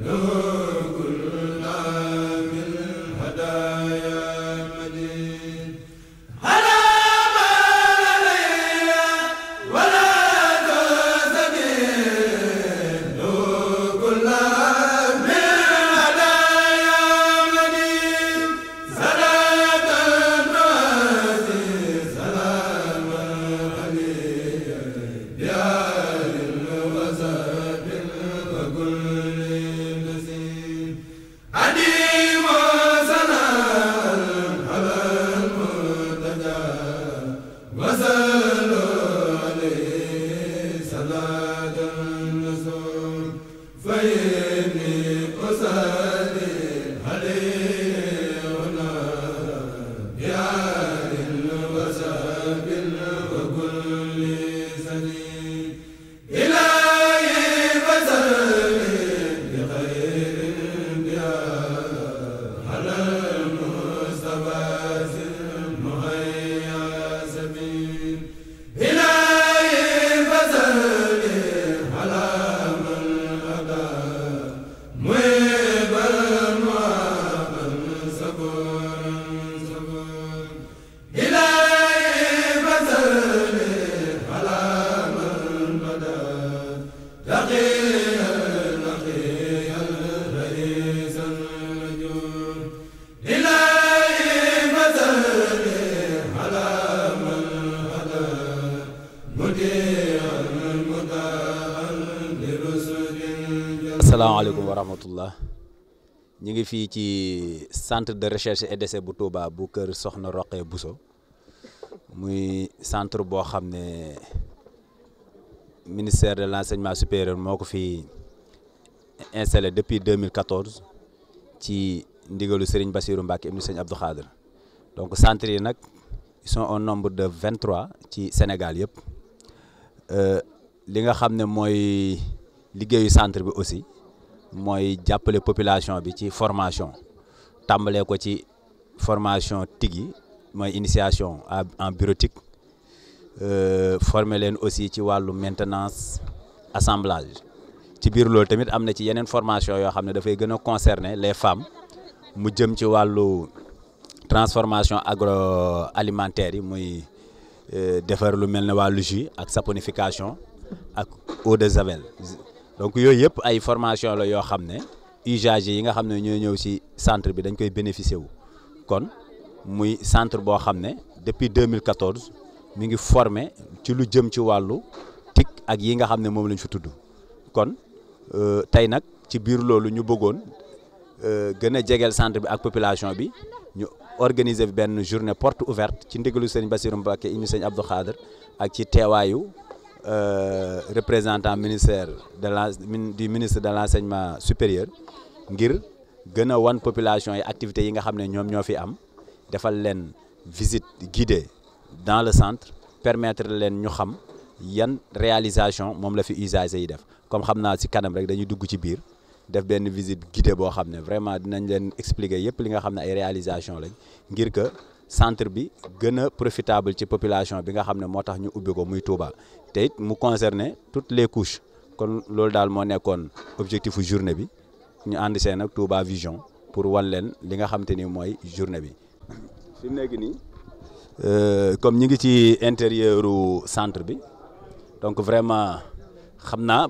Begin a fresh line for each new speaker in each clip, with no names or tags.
la
fii ci centre de recherche et d'essai bu Touba bu kër Soxna Roqee Bousso muy centre boo xam ne ministère de l'enseignement supérieur moo ko fi installé depuis 2014 ci ndigalu Serigne bassiru Mbacke ibnu Serigne Abdou donc centre yi nag ils sont au nombre de 23 ci Sénégal yëpp euh, li nga xam ne mooy liggéeyu centre bi aussi mooy jàppale population bi ci formation tàmbalee ko ci formation tigi mooy initiation en bureautique euh, former leen aussi ci wàllu maintenance assemblage ci biir loolu tamit am na ci yeneen formation yoo xam ne dafay gën a concerner les femmes mu jëm ci wàllu transformation alimentaire yi muy euh, defar lu mel ne wàllu jus ak saponification ak eau de javel donc yooyu yëpp ay formation la yoo xam ne usagers yi nga xam ne ñoo ñëw ci centre bi dañ koy bénéficier wu kon muy centre boo xam ne depuis 2014 mi ngi formé ci lu jëm ci wàllu TIC ak yi nga xam ne moom lañ fi tudd kon euh, tey nag ci biir loolu ñu bëggoon euh, gën a jegeel centre bi ak population bi ñu organiser benn journée porte ouverte ci ndigalu sëñ Bassirou Mbacké imi sëñ Abdou Khadre ak ci teewaayu Euh, représentant ministère de la du ministre de l'enseignement supérieur ngir gën a wan population yi activités yi nga xam ne ñoom ñoo fi am defal leen visite guidée dans le centre permettre leen ñu xam yan réalisation moom la fi usagers yi def comme xam naa si kanam rek dañuy dugg ci biir def benn visite guidée boo xam ne vraiment dinañ leen expliquer yépp li nga xam ne ay réalisation lañ ngir que centre bi gën a profitable ci population bi nga xam ne moo tax ñu ubbi ko muy Touba te mu concerner toutes les couches kon loolu daal moo nekkoon objectifu journée bi ñu ànd seen ak Touba Vision pour wan leen li nga xam te ni mooy journée bi. fi mu nekk nii euh, comme ñu ngi ci intérieuru centre bi donc vraiment xam naa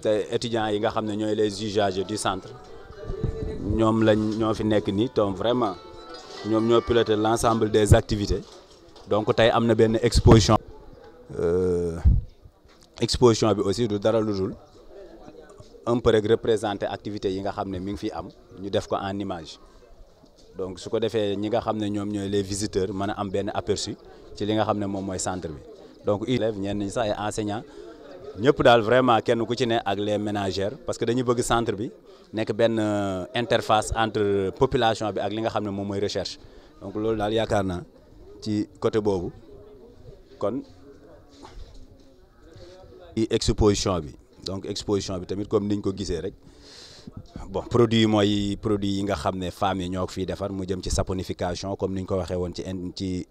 te étudiants yi nga xam ne ñooy les usagers du centre ñoom la ñoo fi nekk nii donc vraiment. ñoom ñoo piloté l' des activités donc tey am na benn exposition. Euh, exposition bi aussi du dara lu dul un peu représenter activités yi nga xam ne mi ngi fi am ñu def ko en image donc su ko defee ñi nga xam ne ñoom ñooy les visiteurs mën a am benn aperçu ci li nga xam ne moom mooy centre bi donc élèves ñeen ñi sax ay enseignants ñëpp daal vraiment kenn ku ci ne ak les ménagères parce que dañu bëgg centre bi. nekk benn euh, interface entre population bi ak li nga xam ne moom mooy recherche donc loolu daal yaakaar na ci côté boobu kon exposition bi donc exposition bi tamit comme niñ ko gisee rek bon produit yi mooy produit yi nga xam ne femmes yi ñoo ko fiy defar mu jëm ci saponification comme ñu ko waxee woon ci ci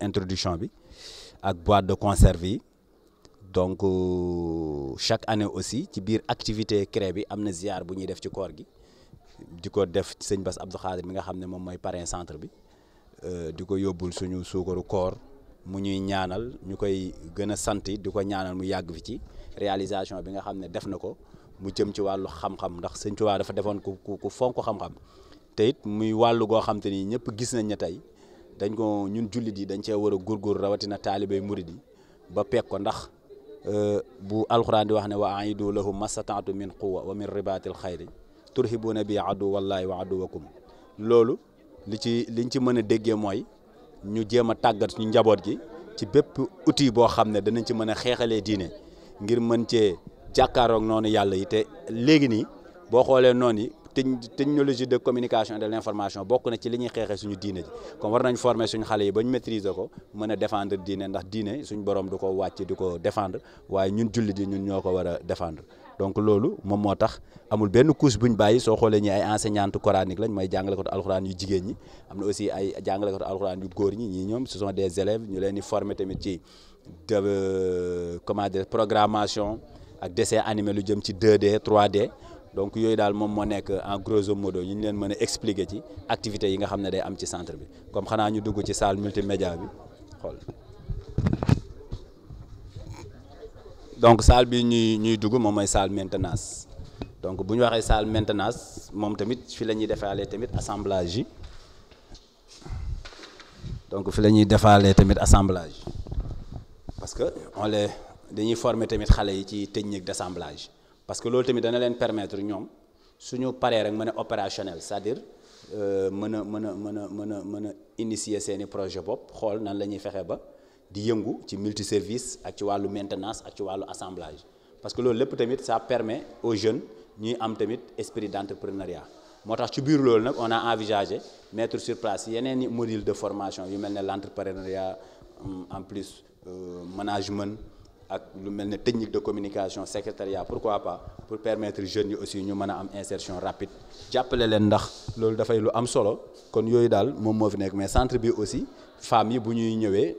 introduction bi ak boîte de conserve yi donc euh, chaque année aussi ci biir activité CREI bi am na ziar bu ñuy def ci koor gi di ko def sëñ Bass Abdou Khadir mi nga xam ne moom mooy parrain centre bi euh, di ko yóbbul suñu suukaru koor mu ñuy ñaanal ñu koy gën a sant di ko ñaanal mu yàgg fi ci réalisation bi nga xam ne def na ko mu jëm ci wàllu xam-xam ndax sëñ Tuubaa dafa defoon ku ku fonk xam-xam te it muy wàllu goo xam te ni ñëpp gis nañ ne tey dañ ko ñun jullit yi dañ cee war a góorgóor rawatina taalibe murid ba peeg ko ndax Euh, bu alxuraan di wax ne wa aidu lahum masataatu min quwa wa min ribaatil xayri turhibuuna bi adu wallahi wa aduwakum loolu li ci liñ ci mën a déggee mooy ñu jéem a tàggat ñu njaboot gi ci bépp outil boo xam ne danañ ci mën a xeexalee diine ngir mën cee jàkkaaroog noonu yàlla yi te léegi nii boo xoolee noonu yi technologie de communication et de l'information bokk na ci li ñuy xeexee suñu diine ji comme war nañ former suñu xale yi ba ñu ko mën a défendre diine ndax diine suñu borom du ko wàcc di ko défendre waaye ñun jullit yi ñun ñoo ko war a défendre donc loolu moom moo tax amul benn couche buñ bàyyi soo xoolee ñi ay enseignante coranique lañ mooy jàngalekatu alxuraan yu jigée ñi am na aussi ay jàngalekatu alxuraan yu góor ñi ñii ñoom ce sont des élèves leen di former ci de euh, programmation ak dessin lu jëm ci 2D 3D donc yooyu daal moom moo nekk en grosso modo yi ñu leen mën a ci activités yi nga xam ne day am ci centre bi comme xanaa ñu dugg ci salle multimédia bi xool donc salle bi ñuy ñuy dugg moom mooy salle maintenance donc bu ñu waxee salle maintenance moom tamit fi la ñuy defaale tamit assemblage yi donc fi la ñuy defaale tamit assemblage parce que on les dañuy forme tamit xale yi ci technique d'assemblage parce que loolu tamit dana leen permettre ñoom suñu paree rek mën a opérationnel c'est-à-dire euh, mën a mën a mën a mën a mën a initier seeni projet bopp xool nan la ñuy fexe ba di yëngu ci service ak ci wàllu maintenance ak ci wàllu assemblage parce que loolu lépp tamit ça permet au jeunes ñuy am tamit esprit d'entrepreneuriat moo tax ci biir loolu nag on a envisagé mettre sur place yeneen i module de formation yu mel ne l'entrepreneuriat en plus euh, management ak lu mel ne technique de communication secrétariat pourquoi pas pour permettre jeune yi aussi ñu mën a am insertion rapide jàppale leen ndax loolu dafay lu am solo kon yooyu daal moom moo fi nekk mais centre bi aussi femmes yi bu ñuy ñëwee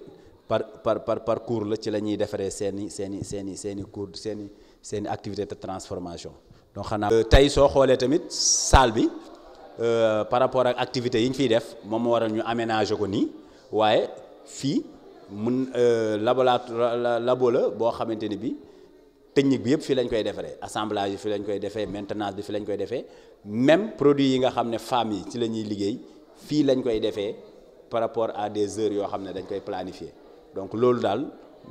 par par par parcours la ci la ñuy defaree seen i seeni seeni seeni i seen i cours seen activité de transformation donc xanaa euh, tey soo xoolee tamit salle bi euh, par rapport ak activité yi ñu fiy def moom moo waral ñu aménager ko nii waaye fii mun euh, laboratoire labo la boo xamante ni bi technique bi yëpp fii lañ koy defaree assemblage yi fii lañ koy defee maintenance bi fii lañ koy defee même produit yi nga xam ne femmes yi ci la ñuy liggéey fii lañ koy defee par rapport à des heures yoo xam ne dañ koy planifier donc loolu daal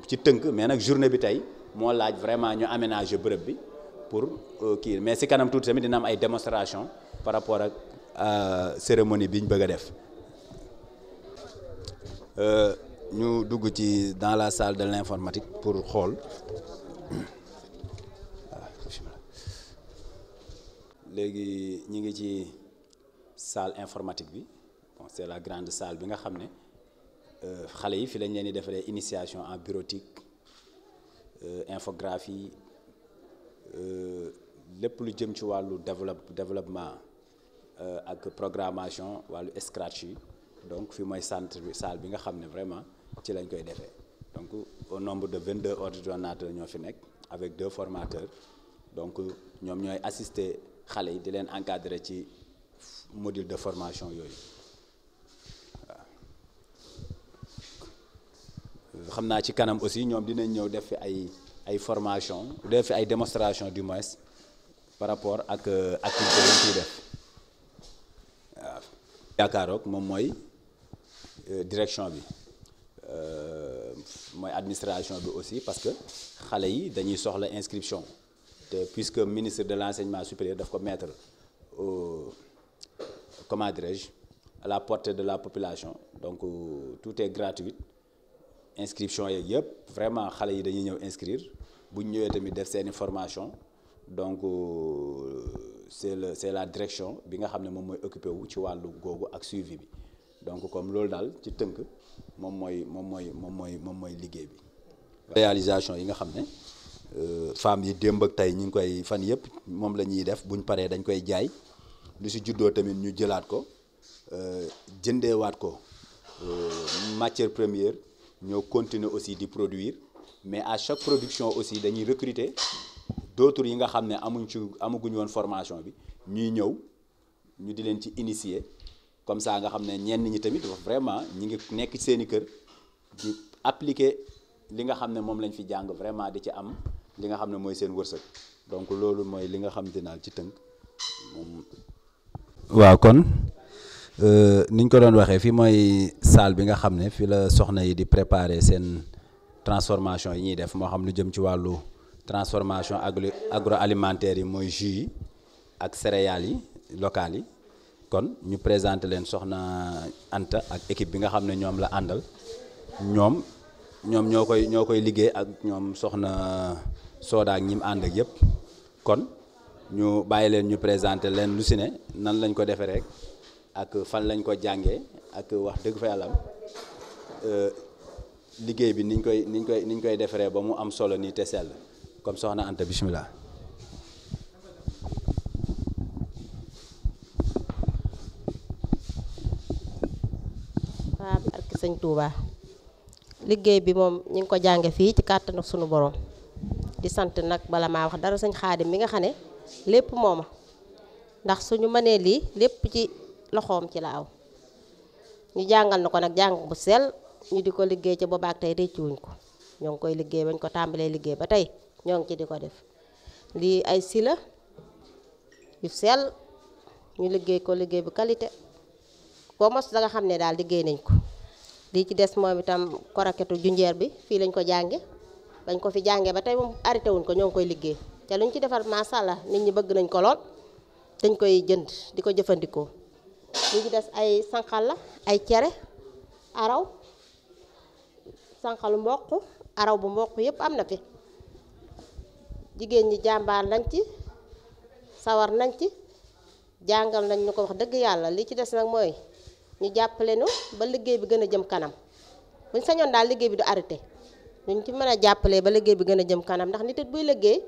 ci tënk mais nag journée bi tey moo laaj vraiment ñu aménager bërëb bi pour euh, kii mais si kanam tuuti tamit dinam ay démonstration par rapport ak euh, cérémonie bi ñu bëgg a def. ñu dugg ci dans la salle de l'informatique pour xool léegi ñu ngi ci salle informatique bi bon c'est la grande salle bi nga xam ne euh, xale yi fi lañ leen di defaree initiation en bureautique euh, infographie euh, lépp lu jëm ci wàllu développe développement ak programmation wàllu scratch yi donc fi mooy centre bi salle bi nga xam ne vraiment ci lañ koy defee donc au nombre de vingt 22 ordinateurs ñoo fi nekk avec deux formateurs donc ñoom ñooy assister xale yi di leen encadrer ci module de formation yooyu xam naa ci kanam aussi ñoom dinañ ñëw def fi ay ay formation def fi ay démonstration du moins par rapport ak euh, ak yi ñu ciy def waaw yaakaarook moom mooy Euh, direction bi euh, mooy administration bi aussi parce que xale yi dañuy soxla inscription te puisque ministre de l'enseignement supérieur daf ko mettre au comment dirais-je à la portée de la population donc euh, tout est gratuit inscription yeeg yëpp vraiment xale yi dañuy ñëw inscrir bu ñu ñëwee tamit def seeni formation donc c'est le c'est la direction bi nga xam ne moom mooy occupé wu ci wàllu googu ak suivi bi donc comme loolu daal ci tënk moom mooy moom mooy moom mooy moom mooy liggéey bi. réalisation yi nga xam ne euh, femmes yi démb ak tey ñu ngi koy fan yëpp moom la ñuy def buñ paree dañ koy jaay lu si juddoo tamit ñu jëlaat ko euh, jëndeewaat ko euh, matière première ñoo continuer aussi di produire mais à chaque production aussi dañuy recruter d'autres yi nga xam ne amuñ ci amaguñ woon formation bi ñuy ñëw ñu di leen ci initier. comme saa nga xam ne ñenn ñi tamit vraiment ñi ngi nekk ci seen i kër di appliquer li nga xam ne moom lañ fi jàng vraiment di ci am li nga xam ne mooy seen wërsëg donc loolu mooy li nga xam dinaal ci tënk moom. waaw kon euh, niñ ko doon waxee fii mooy salle bi nga xam ne fii la soxna yi di préparer seen transformation yi ñuy def moo xam lu jëm ci wàllu transformation agro agroalimentaire yi mooy jus yi ak céréales yi locales yi. kon ñu présenté leen soxna Anta ak équipe bi nga xam ne ñoom la àndal ñoom ñoom ñoo koy ñoo koy liggéey ak ñoom soxna Soda ak ñi mu yëpp kon ñu bàyyi leen ñu présenté leen lu si ne nan lañ ko defee rek ak fan lañ ko jàngee ak wax dëgg fa yàlla euh, liggéey bi niñ koy niñ koy niñ koy defaree ba mu am solo nii te sell comme soxna Anta bismillah
Touba liggéey bi moom ñu ngi ko jànge fii ci kàttanu suñu boroom di sant nag bala ma wax dara sañ Xaadim mi nga xam ne lépp mooma ndax suñu mënee lii lépp ci loxoom ci la aw ñu jàngal na ko nag jàng bu sel ñu di ko liggéey ci boobaak tey réccuwuñ ko ñoo ngi koy liggéey bañ ko tàmbalee liggéey ba tey ñoo ngi ci di ko def lii ay sila yu sell ñu liggéey ko liggéey bu qualité boo mos da xam ne daal liggéey nañ ko lii ci des moom itam koraketu junjeer bi fii lañ ko jànge bañ ko fi jàngee ba tey moom arrêté wuñ ko ñoo ngi koy liggéey te luñ ci defar macha allah nit ñi bëgg nañ ko lool dañ koy jënd di ko jëfandikoo li ci des ay sànqal la ay cere araw sànqalu mboq araw bu mboq yëpp am na fi jigéen ñi jàmbaar lañ ci sawar nañ ci jàngal nañ ñu ko wax dëgg yàlla li ci des nag mooy ñu jàppale nu ba liggéey bi gën a jëm kanam buñ sañoon daal liggéey bi du arrêté ñu ci mën a jàppale ba liggéey bi gën a jëm kanam ndax nit it buy liggéey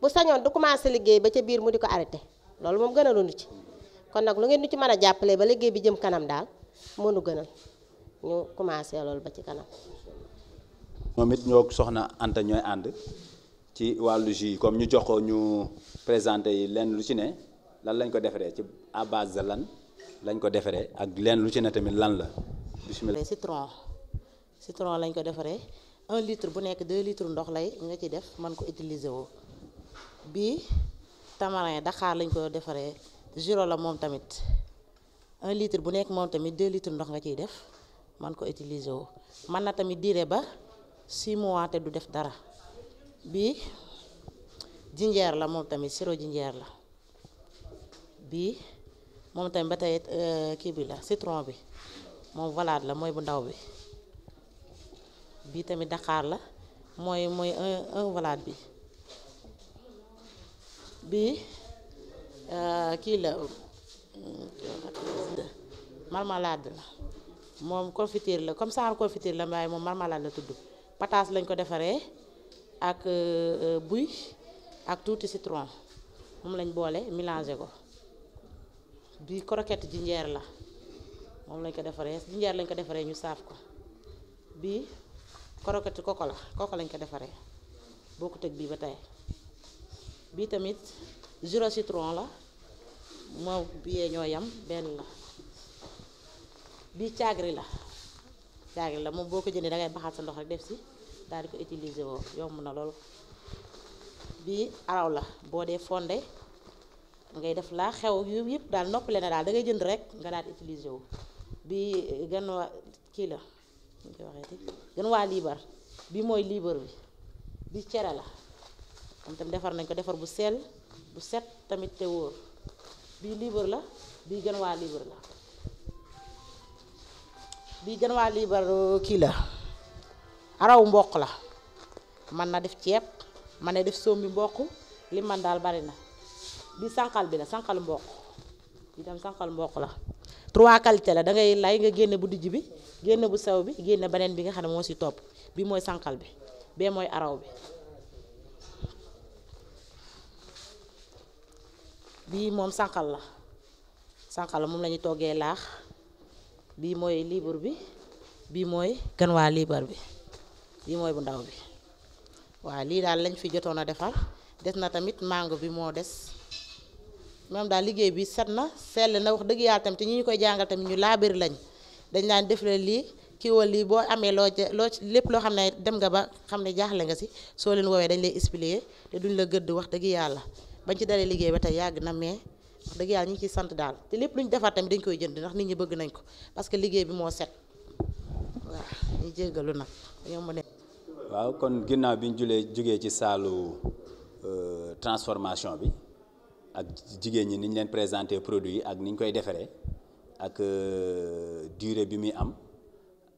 bu sañoon du commencé liggéey ba ca biir mu di ko arrêté loolu moom gën a ci kon nag lu ngeen nu ci mën a jàppalee ba liggéey bi jëm kanam daal mënu gënal ñu commencé loolu ba ci kanam
moom it ñoo soxna Anta ñooy ànd ci wàllu jus yi comme ñu jox ko ñu présenté yi lenn lu ci ne lan lañ ko defaree ci à base lan lañ ko defaree ak leen lu ci ne tamit lan la bismillah
citron citron lañ ko defaree un litre bu nekk deux litre ndox lay nga ci def man ko utiliser woo bii tamarin daxaar lañ ko defaree juro moom tamit un litre bu nekk moom tamit deux litres ndox nga ciy def man ko utiliser woo mën na tamit diire ba si mois te du def dara bii jinjeer la moom tamit sirop jinjeer la bii moom tamit ba tey euh, kii bi la citron bi moom valaat la mooy bu ndaw bi bii tamit daqaar la mooy mooy un bi euh, kii la euh, marmalade la moom confiture la comme saaru confiture la waaye moom marmalade la tudd pataas lañ ko defaree ak buy ak tuuti citron moom lañ boole mélangé ko bii koroket jinjeer la moom lañ ko defaree jinjeer lañ ko defaree ñu saaf ko bii croquette koko la koko lañ ko defaree boo ko teg bii ba tey bii tamit jus citron la moo biyee ñoo yam benn la bii caagri la caagri la moom boo ko jëndee dangay baxal sa ndox rek def si daal di ko utiliser woo yomb na lool bii araw la boo dee fonde ngay def laa xew yu yëpp daal noppale na daal da jënd rek nga daal utiliser wu gën waa kii la ñu gën waa liibar bii mooy liibar bi bi cere la moom defar nañ ko defar bu sell bu set tamit te wóor bii liibar la bii gën waa liibar la bii gën waa liibar kii la araw mboq la man na def ceeb man na def sóom bi mboq li man daal bari na bi sànqal bi la sànqal mboq bi tam sànqal mboq la trois qualité la da lay nga génne bu dijj bi génne bu sew bi génne beneen bi nga xam ne moo si topp bi mooy sànqal bi bee mooy araw bi bii moom sànqal la sànqal moom la toggee laax bi mooy libre bi bii mooy ganwaa libre bi bii mooy bu ndaw bi waaw lii daal lañ fi jotoon a defar des na tamit mango bi moo des moom daal liggéey bi set na sell na wax dëgg yàlla tamit te ñu koy jàngal tamit ñu laabir lañ dañ daan def la lii kii wala lii boo amee loo loo lépp loo xam ne dem nga ba xam ne jaaxle nga si soo leen woowee dañ lay expliquer te duñ la gëdd wax dëgg yàlla bañ ci dalee liggéey ba tey yàgg na mais wax dëgg yàlla ñu ngi ciy sant daal te lépp lu ñu defar tamit dañ koy jënd ndax nit ñi bëgg nañ ko parce que liggéey bi moo set waaw ñu jéggalu nag ñoom mu ne.
waaw kon ginnaaw bi ñu jugee ci saalu euh, transformation bi. ak jigéen ñi niñ leen présenter produit yi ak ni ñu koy defaree ak euh, dure bi muy am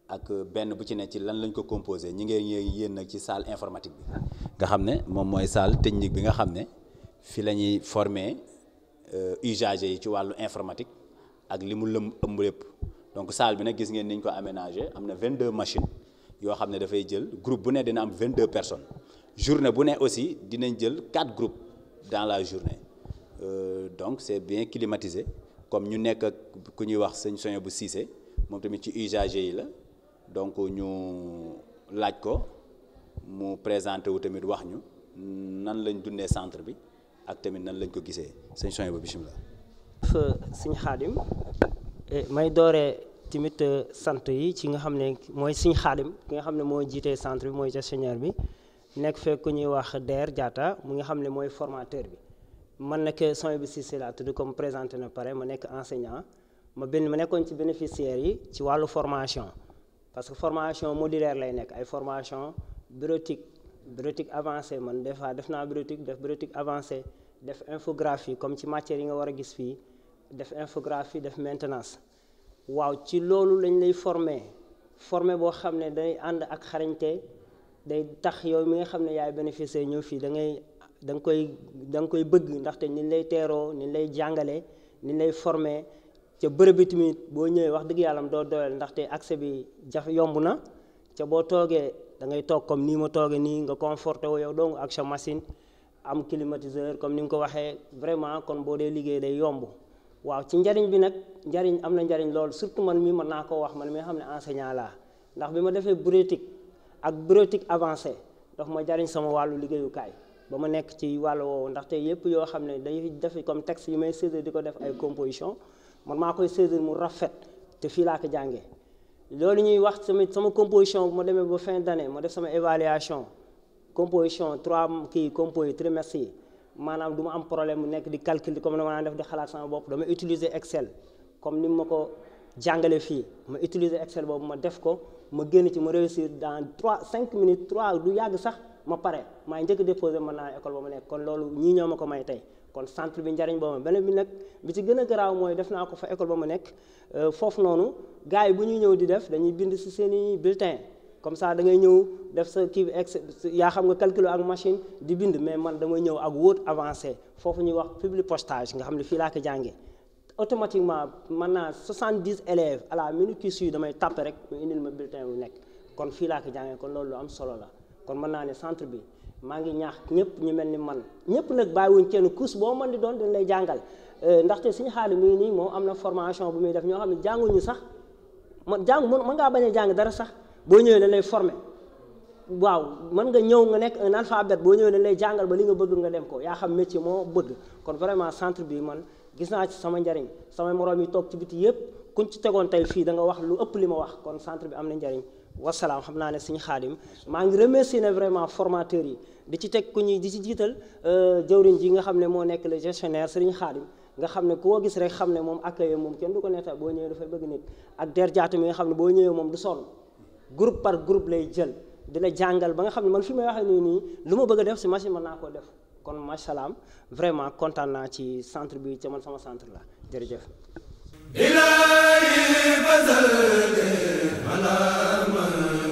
ak benn bu ci ne ci lan lañ ko composé ñi ngeen yéen nag ci salle informatique bi nga xam ne moom mooy salle technique bi nga xam ne fi la ñuy former euh, usagers yi ci wàllu informatique ak li mu lëm ëmb lépp donc salle bi nag gis ngeen ni ko aménagé am na vingt 22 machine yoo xam ne dafay jël groupe bu ne dina am vingt 22 personnes journée bu ne aussi dinañ jël 4 groupes dans la journée Euh, donc c'est bien climatisé comme ñu nekk ak ku ñuy wax sëñ soño bu Cissé moom tamit ci UJG yi la donc ñu laaj ko mu présenté wu tamit wax ñu nan lañ dundee centre bi ak tamit nan lañ ko gisee sëñ soño bu bisimilah
sëñ Xaadim eh, may dooree tamit eh, sant yi ci nga xam ne mooy sëñ Xaadim ki nga xam ne mooy jiitee centre bi mooy gestionnaire bi nekk fekk ku ñuy wax DER jaata mu nga xam ne mooy formateur bi man nag Souhaïbou Cissé laa tudd comme présenté na pare ma nekk enseignant ma benn ma nekkoon ci bénéficiaires yi ci wàllu formation parce que formation modulaire lay nekk ay formation bureautique bureautique avancé man des fois def naa bureautique def bureautique avancé def infographie comme ci matière yi nga war a gis fii def infographie def maintenance waaw ci loolu lañ lay former former boo xam ne day ànd ak xarañte day tax yow mi nga xam ne yaay bénéficier ñëw fii da ngay da nga koy danga koy bëgg ndaxte ni lay teeroo ni lay jàngalee ni lay formé ca bërëb bi tamit boo ñëwee wax dëgg yàlla doo doyal ndaxte accès bi jafe yomb na ca boo toogee da ngay toog comme nii ma toogee nii nga conforté wu yow dong ak sa machine am climatiseur comme ni nga ko waxee vraiment kon boo dee liggéey day yomb waaw ci njariñ bi nag njariñ am na njariñ lool surtout man mii mën naa koo wax man mi xam ne enseignant laa ndax bi ma defee bureautique ak bureautique avancé daf ma jariñ sama wàllu liggéeyukaay ba ma nekk ci wàll woowu ndaxte yëpp yoo xam ne dañuy def comme texte yi may saisir di ko def ay composition man maa koy saisir mu rafet te fii laa ko jàngee loolu ñuy wax tamit sama composition bu ma demee ba fin d'année ma def sama évaluation composition trois kii composé trimestre yi maanaam du ma am problème mu nekk di calcul comme ni ma def di xalaat sama bopp dama utiliser Excel comme ni ma ko jàngale fii ma utiliser Excel boobu ma def ko ma génn ci ma réussir dans trois cinq minutes trois du yàgg sax. ma pare maa njëkk déposé mën naa école ba ma nekk kon loolu ñii ñoo ko may tey kon centre bi njariñ boobu beneen bi nag bi ci gën a garaaw mooy def naa ko fa école ba ma nekk euh, foofu noonu gars yi bu ñuy ñëw di def dañuy bind si seen i bulletin comme ça da ngay ñëw def sa kii ex yaa xam nga calculer ak machine di bind mais man damay ñëw ak wóot avancé foofu ñuy wax public postage nga xam ne fii laa jàngee automatiquement man naa 70 élèves à la minute qui damay tàppe rek mu indil ma bulletin bu nekk kon fii laa ko jàngee kon loolu lu am solo la. kon mën naa ne centre bi maa ngi ñaax ñëpp ñu mel ni man ñëpp nag bàyyiwuñ kenn kus boo man di doon dañ lay jàngal euh, ndaxte suñu xaali muy nii moom am na formation bu muy def ñoo xam ne jàngu ñu sax man jàng mën ngaa bañ a jàng dara sax boo ñëwee dañ lay former waaw mën nga ñëw nga nekk un bet boo ñëwee dañ lay jàngal ba li nga bëgg nga dem ko yaa xam métier moo bëgg kon vraiment centre bi man gis naa ci sama njariñ samay moroom yi toog ci biti yëpp kuñ ci tegoon fii da wax lu ëpp li ma wax kon centre bi am na njariñ wasalaam xam naa ne suñu xaadim maa ngi remercier ne vraiment formateur yi di ci teg ku ñuy di ci jiital euh, jawriñ ji nga xam ne moo nekk le gestionnaire sëriñ xaadim nga xam ne koo gis rek xam ne moom accueil moom kenn du ko netta boo ñëwee dafay bëgg nit ak der jaata mi nga xam ne boo ñëwee moom du sonn groupe par groupe lay jël di la jàngal ba nga xam ne man fi may waxee nii nii lu ma bëgg a def si machine ma naa koo def kon macha allah vraiment kontaan naa ci centre bi ca man sama centre la jërëjëf ilaahi fasal ala man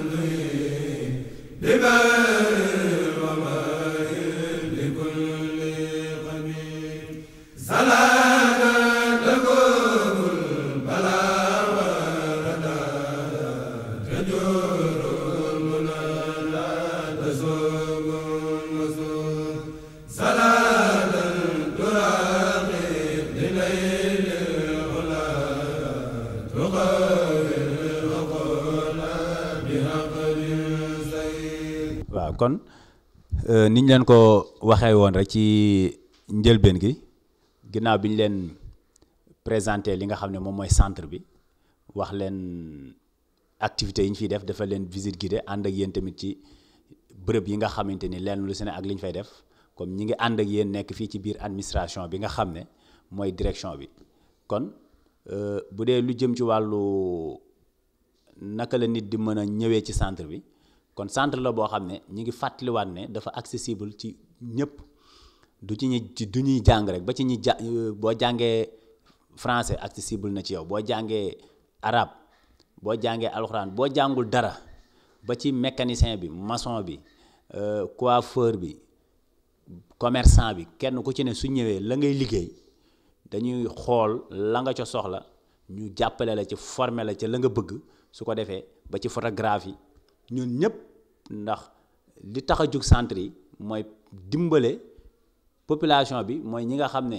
niñ leen ko waxee woon rek ci njëlbeen gi ginnaaw bi ñu leen présenté li nga xam ne moom mooy centre bi wax leen activités yi ñu fiy def dafa leen visite de ànd ak yéen tamit ci bërëb yi nga xamante ni leen lu si ak li ñu fay def comme ñi ngi ànd ak yéen nekk fii ci biir administration bi nga xam ne mooy direction bi kon euh, bu dee lu jëm ci wàllu naka la nit di mën a ñëwee ci centre bi kon centre la boo xam ne ñu ngi fàttaliwaat ne dafa accessible ci ñëpp du ci ñi du ñuy jàng rek ba ci ñi ja euh, boo jàngee français accessible na ci yow boo jàngee arabe boo jàngee alxuraan boo jàngul dara ba ci mécanicien bi mason bi euh, coiffeur bi commerçant bi kenn ku ci ne su ñëwee la ngay liggéey dañuy xool la nga ca soxla ñu jàppale la ci former la ci la nga bëgg su ko defee ba ci photographie ñun ñëpp ndax li tax a jug centre yi mooy dimbale population bi mooy ñi nga xam ne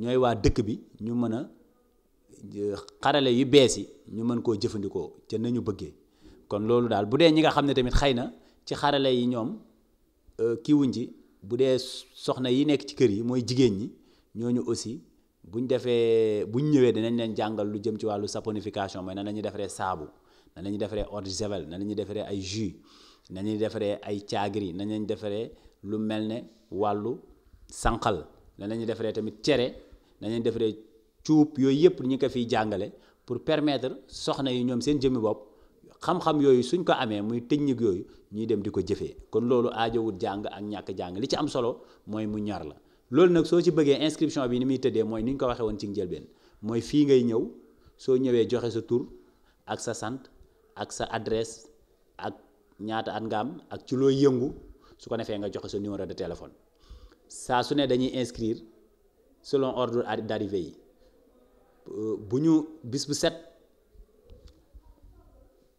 ñooy waa dëkk bi ñu mën a euh, xarale yi bees yi ñu mën koo jëfandikoo ca nañu bëggee kon loolu daal bu dee ñi nga xam ne tamit xëy na ci xarale yi ñoom euh, kii wuñ ci bu dee soxna yi nekk ci kër yi mooy jigéen ñi ñooñu aussi buñ defee buñ ñëwee danañ leen jàngal lu jëm ci wàllu saponification mooy nan la ñuy defaree saabu na la ñuy defaree eau de na la defaree ay jus na ñuy defaree ay caagri na lañuy defaree lu mel ne wàllu sànqal na la defaree tamit cere na la defaree cuub yooyu yëpp ñu ko fiy jàngale pour permettre soxna yi ñoom seen jëmmi bopp xam-xam yooyu suñ ko amee muy technique yooyu ñuy dem di ko jëfee kon loolu aajowut jàng ak ñàkk jàng li ci am solo mooy mu ñor la loolu nag soo ci bëggee inscription bi ni muy tëddee mooy ni ñu ko waxee woon ci njëlbeen mooy fii ngay ñëw soo ñëwee joxe sa tur ak sa sant ak sa adresse ak ñaata at nga am ak ci loo yëngu su ko defee nga joxe sa numéro de téléphone saa su ne dañuy inscrire selon ordre d'arrivée yi euh, bu ñu bis bu set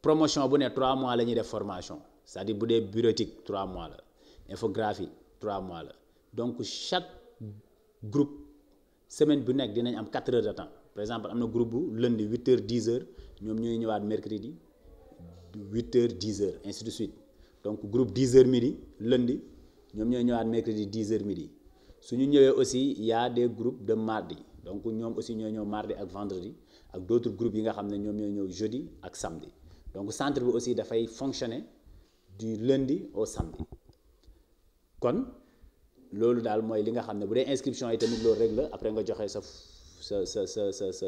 promotion bu ne 3 mois la ñuy def formation sa dire bu dee bureautique trois mois la infographie trois mois la donc chaque groupe semaine bu nekk dinañ am 4 heures de temps par exemple am na group bu lundi 8 heures 10 heures ñoom ñooy ñëwaat mercredi. huit heures dix heures ainsi de suite donc groupe dix heures midi lundi ñoom ñooy ñowaat mercredi dix heures midi su ñu ñëwee aussi y a des groupes de mardi donc ñoom aussi ñoo ñëw mardi ak vendredi ak d'autres groupe yi nga xam ne ñoom ñoo ñëw jeudi ak samedi donc centre bi aussi dafay fonctionner du lundi au samedi kon loolu daal mooy li nga xam ne bu dee inscription yi tamit loolu rek la après nga joxe sa sa sa sa sa sa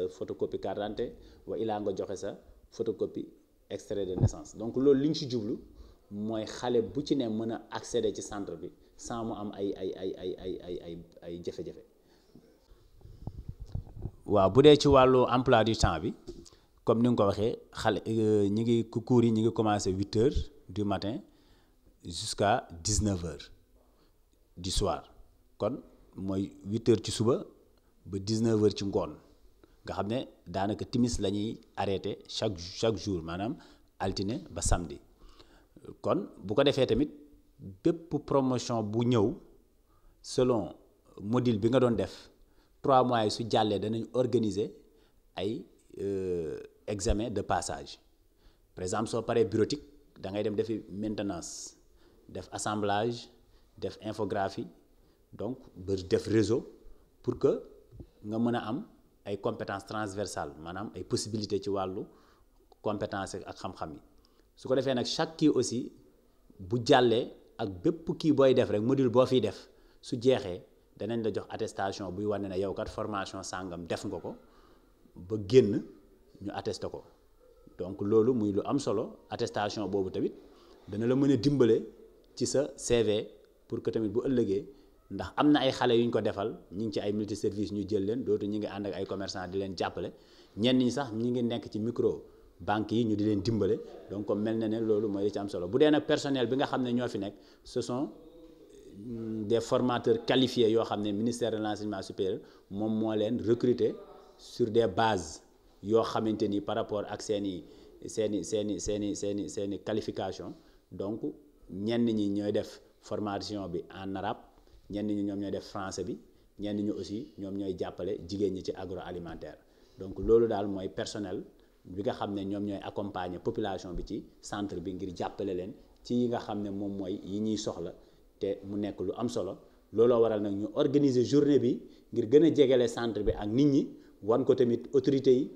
carte d'identité wa ilaa nga joxe sa photocopie extrait de naissance donc loolu li ñu ci jublu mooy xale bu ci ne mën a accéder ci centre bi sans mu am ay ay ay ay ay ay ay ay waaw bu dee ci wàllu emploi du temps bi comme ni nga ko waxee xale euh, ñi ngi cours yi ñi ngi commencé huit heures du matin jusqu'à dix neuf heures du soir kon mooy huit ci suba ba dix neuf heures ci ngoon. nga xam ne daanaka timis la ñuy arrêté chaque chaque jour maanaam altine ba samedi kon bu ko defee tamit bépp promotion bu ñëw selon module bi nga doon def trois mois yi su jàllee danañ organiser ay euh, examen de passage par exemple soo paree bureautique da ngay dem defi maintenance def assemblage def infographie donc ba def réseau pour que nga mën a am ay compétences transversales maanaam ay possibilités ci wàllu compétence ak xam-xam yi su ko defee nag chaque kii aussi bu jàllee ak bépp kii booy def rek module boo fiy def su jeexee danañ la jox attestation buy wane ne yow kat formation sàngam def nga ko ba génn ñu attesté ko donc loolu muy lu am solo attestation boobu tamit dana la mën a dimbale ci sa CV pour que tamit bu ëllëgee ndax am na ay xale yu ko defal ñu ngi ci ay multi service ñu jël leen dootu ñu ngi ànd ak ay commerçant di leen jàppale ñenn ñi sax ñu ngi nekk ci micro banque yi ñu di leen dimbale donc mel na ne loolu mooy li ci am solo bu dee nag personnel bi nga xam ne ñoo fi nekk ce sont mm, des formateurs qualifiés yoo xam ne ministère de l'enseignement supérieur moom moo leen recruter sur des bases yoo xamante ni par rapport ak seen i seen i seen i seen i seen i seen i qualification donc ñenn ñi ñooy def formation bi en arabe ñenn ñi ñoom ñooy def français bi ñenn ñu aussi ñoom ñooy jàppale jigéen ñi ci agro alimentaire donc loolu daal mooy personnel bi nga xam ne ñoom ñooy accompagner population bi ci centre bi ngir jàppale leen ci yi nga xam ne moom mooy yi ñuy soxla te mu nekk lu am solo looloo waral nag ñu organiser journée bi ngir gën a jegele centre bi ak nit ñi wan ko tamit autorité yi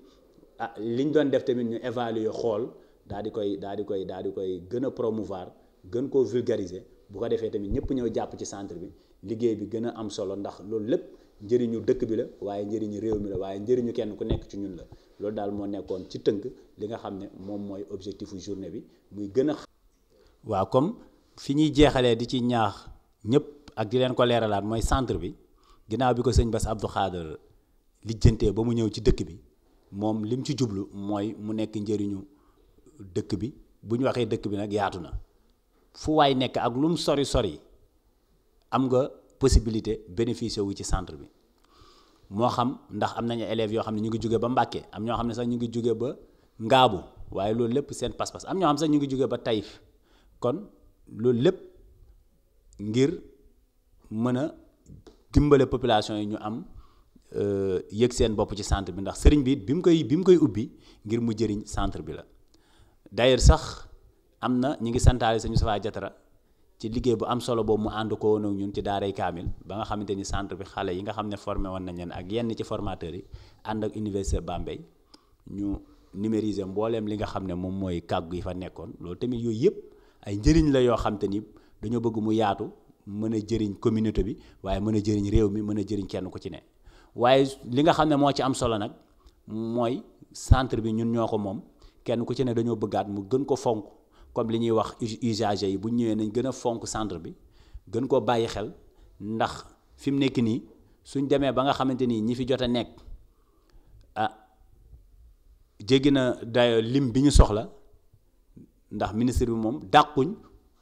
ah li doon def tamit ñu évaluer xool daal di koy daal di koy daal di koy gën a promouvoir gën koo vulgariser bu ko defee tamit ñëpp ñëw jàpp ci centre bi liggéey bi gën a am solo ndax loolu lépp njëriñu dëkk bi la waaye njëriñu réew mi la waaye njëriñu kenn ku nekk ci ñun la loolu daal moo nekkoon ci tënk li nga xam ne moom mooy objectifu journée bi muy gën a. waaw comme fi ñuy jeexalee di ci ñaax ñëpp ak di leen ko leeralaat mooy centre bi ginnaaw bi ko sëñ ba Abdou Khadre lijjantee ba mu ñëw ci dëkk bi moom lim ci jublu mooy mu nekk njëriñu dëkk bi bu ñu waxee dëkk bi nag yaatu na. fu waay nekk ak lu mu sori sori am nga possibilité bénéficier wu ci centre bi moo xam ndax am nañu élèves yoo xam ne ñu ngi jóge ba Mbàkke am ñoo xam ne sax ñu ngi jóge ba Ngaabu waaye loolu lépp seen pas-pas am ñoo xam sax ñu ngi jóge ba Taïf kon loolu lépp ngir mën a dimbale population yi ñu am euh, yëg seen bopp ci centre bi ndax sëriñ bi bi mu koy bi mu koy ubbi ngir mu jëriñ centre bi la d'ailleurs sax am na ñi ngi santaale sëñ Moustapha Diatara ci liggéey bu am solo boobu mu ànd ko woon ak ñun ci daaray kaamil ba nga xamante ni centre bi xale yi nga xam ne formé woon na leen ak yenn ci formateur yi ànd ak université Bambey ñu numériser mbooleem li nga xam ne moom mooy kàggu yi fa nekkoon loolu tamit yooyu yëpp ay njëriñ la yoo xam te ni dañoo bëgg mu yaatu mën a jëriñ communauté bi waaye mën a jëriñ réew mi mën a jëriñ kenn ku ci ne waaye li nga xam ne moo ci am solo nag mooy centre bi ñun ñoo ko moom kenn ku ci ne dañoo bëggaat mu gën ko fonk comme li ñuy wax usager yi bu ñëwee nañ gën a fonk centre bi gën koo bàyyi xel ndax fi mu nekk nii suñ demee ba nga xamante ni ñi fi jot a nekk ah na day lim bi ñu soxla ndax ministre bi moom dàquñ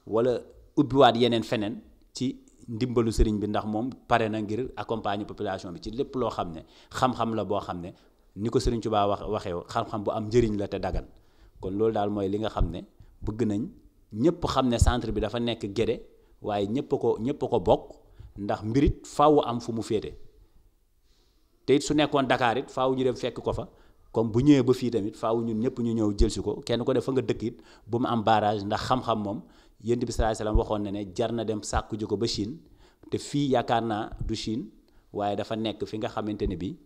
wala ubbiwaat yeneen feneen ci ndimbalu sëriñ bi ndax moom pare na ngir accompagner population bi ci lépp loo xam ne xam-xam la boo xam ne ni ko sëriñ Tuubaa wax waxee xam-xam bu am njëriñ la te dagan kon loolu daal mooy li nga xam ne bëgg nañ ñëpp xam ne centre bi dafa nekk Guédé waaye ñëpp ko ñëpp ko bokk ndax mbirit faaw am fu mu féete te su nekkoon Dakar it faaw ñu dem fekk ko fa comme bu ñëwee ba fii tamit faaw ñu ñëpp ñu ñëw jël si ko kenn ko def fa nga dëkk it bu mu am barage ndax xam-xam moom yént bi sallallahu alayhi wasallam waxoon na ne jar na dem sàkku ko ba Chine te fii yaakaar naa du Chine waaye dafa nekk fi nga xamante ne bi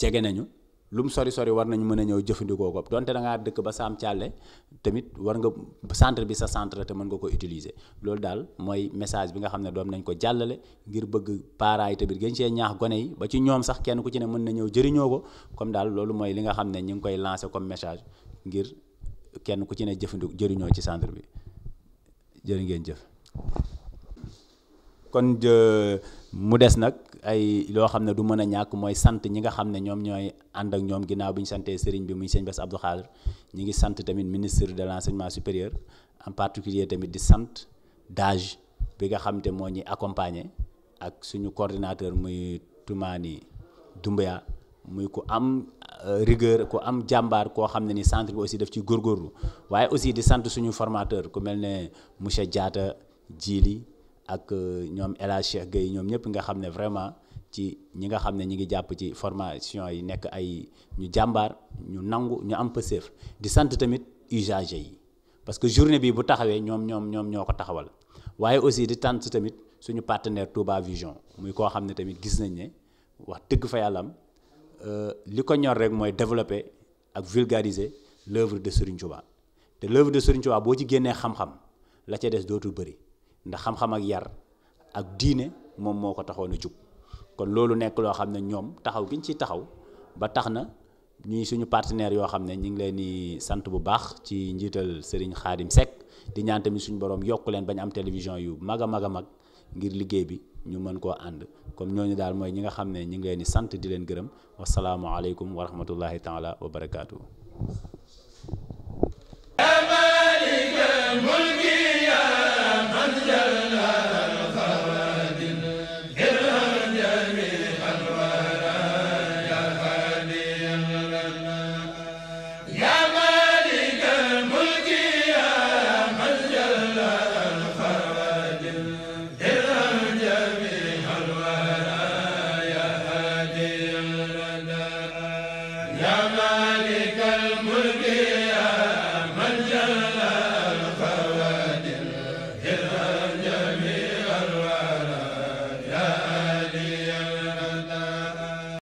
jege nañu lu mu sori sori war nañ mën a ñëw jëfandikoo ko donte da dëkk ba saam càlle tamit war nga centre bi sa centre te mën nga ko utiliser loolu daal mooy message bi nga xam ne doom nañ ko jàllale ngir bëgg parents yi tamit gën cee ñaax gone yi ba ci ñoom sax kenn ku ci ne mën na ñëw jëriñoo ko comme daal loolu mooy li nga xam ne ñu ngi koy lancer comme message ngir kenn ku ci ne jëfandik jëriñoo ci centre bi jërë ngeen jëf kon mu des nag ay loo xam ne du mën a ñàkk mooy sant ñi nga xam ne ñoom ñooy ànd ak ñoom ginnaaw bi ñu santee sëriñ bi muy sëñ Bass Abdou Khadre ñi ngi sant tamit ministre de l'enseignement supérieur en particulier tamit di sant DAGE bi nga xam te moo ñuy accompagner ak suñu coordinateur muy Toumani Doumbia muy ku am euh, rigueur ku am jàmbaar koo xam ne ni sant bi aussi def ci góorgóorlu waaye aussi di sant suñu formateur ku mel ne monsieur Diatta Djili ak euh, ñoom El Hadj Cheikh ñoom ñëpp nga xam ne vraiment ci ñi nga xam ne ñi ngi jàpp ci formation yi nekk ay ñu jàmbaar ñu nangu ñu am pëseef di sant tamit usager yi parce que journée bi bu taxawee ñoom ñoom ñoom ñoo ko taxawal waaye aussi di tant tamit suñu partenaire Touba Vision muy koo xam ne tamit gis nañ ne wax dëgg fa yàllam euh, li ko ñor rek mooy développer ak vulgariser l'œuvre de Serigne Touba te l'œuvre de Serigne Touba boo ci génnee xam-xam la ca bëri ndax xam-xam ak yar ak diine moom moo ko taxoon a jub kon loolu nekk loo xam ne ñoom taxaw giñ ci taxaw ba tax na ñuy suñu partenaire yoo xam ne ñu ngi leen di sant bu baax ci njiital Serigne Khadim Seck di ñaan suñu borom yokk leen bañ am télévision yu mag a mag a mag ngir liggéey bi ñu mën koo ànd comme ñooñu daal mooy ñi nga xam ne ñu ngi leen di sant di leen gërëm wasalaamualeykum wa rahmatullahi taala wa barakaatu.